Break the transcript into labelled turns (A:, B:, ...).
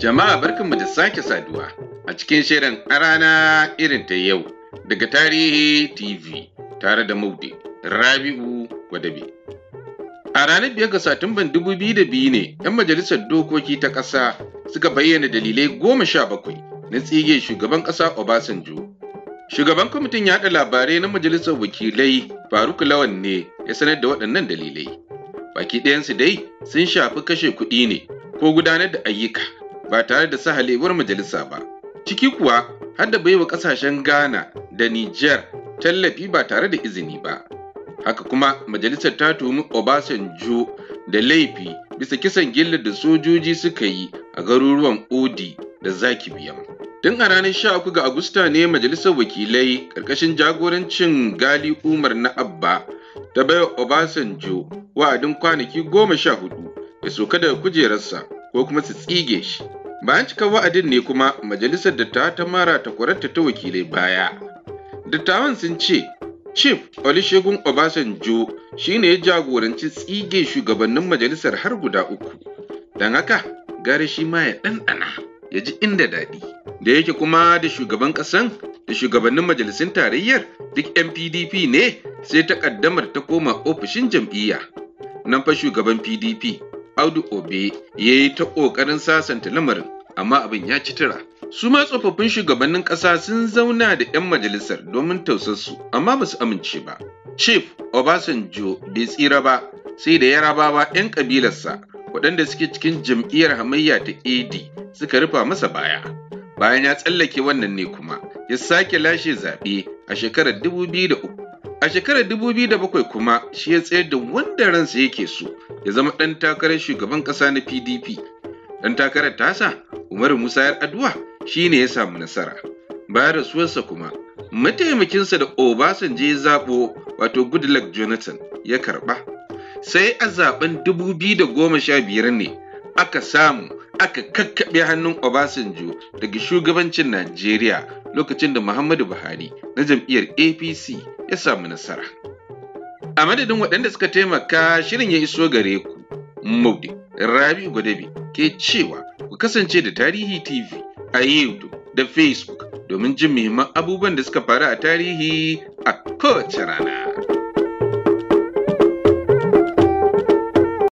A: Jama'a barkanmu da sake saduwa a cikin shirin a irin ta yau daga Tarihi TV tare da Maude Rabi'u Gwadabe. A ranar biyar ga Satumban 2002 ne 'yan majalisar dokoki ta ƙasa suka bayyana dalilai goma sha bakwai na tsige shugaban ƙasa Obasanjo. Shugaban kwamitin yaɗa labarai na majalisar wakilai Faruk Lawan ne ya sanar da waɗannan dalilai. Baki ɗayansu dai sun shafi kashe kuɗi ne ko gudanar da ayyuka ba tare da sahalewar majalisa ba ciki kuwa har da baiwa ƙasashen ghana da niger tallafi ba tare da izini ba haka kuma majalisar ta tumi obasanjo da laifi bisa kisan gilla da sojoji suka yi a garuruwan odi da zaki biyan tun a ranar 13 ga agusta ne majalisar wakilai ƙarƙashin jagorancin gali umar na abba ta baiwa obasanjo wa'adin kwanaki goma sha hudu ya soka daga kujerarsa ko kuma su tsige shi Bayan cika wa'adin ne kuma majalisar dattawa ta mara ta kwararta ta wakilai baya. Dattawan sun ce Chief Olusegun Obasanjo shi ne ya jagoranci tsige shugabannin majalisar har guda uku. Don haka, gara shi ma ya ɗanɗana ya ji inda daɗi. Da yake kuma da shugaban ƙasan da shugabannin majalisun tarayyar duk PDP ne sai ta ƙaddamar ta koma ofishin jam'iyya. Nan fa shugaban PDP Audu Obe ya yi ta ƙoƙarin sasanta lamarin, amma abin ya ci tura. Su ma tsofaffin shugabannin ƙasa sun zauna da 'yan majalisar domin tausarsu, amma ba su amince ba. Chief Obasanjo bai tsira ba, sai da yarabawa 'yan ƙabilarsa waɗanda suke cikin jam'iyyar hamayya ta AD suka rufa masa baya. Bayan ya tsallake wannan ne kuma, ya sake lashe zaɓe a shekarar da uku. A shekarar 2007 kuma shi ya tsayar da wanda ransa yake so ya zama ɗan takarar shugaban ƙasa na PDP. Ɗan takarar tasa Umar Musa yar shi ne ya samu nasara. Bayan rasuwarsa kuma mataimakinsa da Obasanjo ya zaɓo wato Goodluck Jonathan ya karɓa. Sai a zaɓen 2015 ne aka samu aka kakkaɓe hannun Obasanjo daga shugabancin Najeriya lokacin da Muhammadu Buhari na jam'iyyar APC ya samu nasara. A madadin waɗanda suka taimaka shirin ya iso gare ku, Maude Rabi Gwadabi ke cewa ku kasance da Tarihi TV a YouTube da Facebook domin jin muhimman abubuwan da suka faru a tarihi a kowace rana.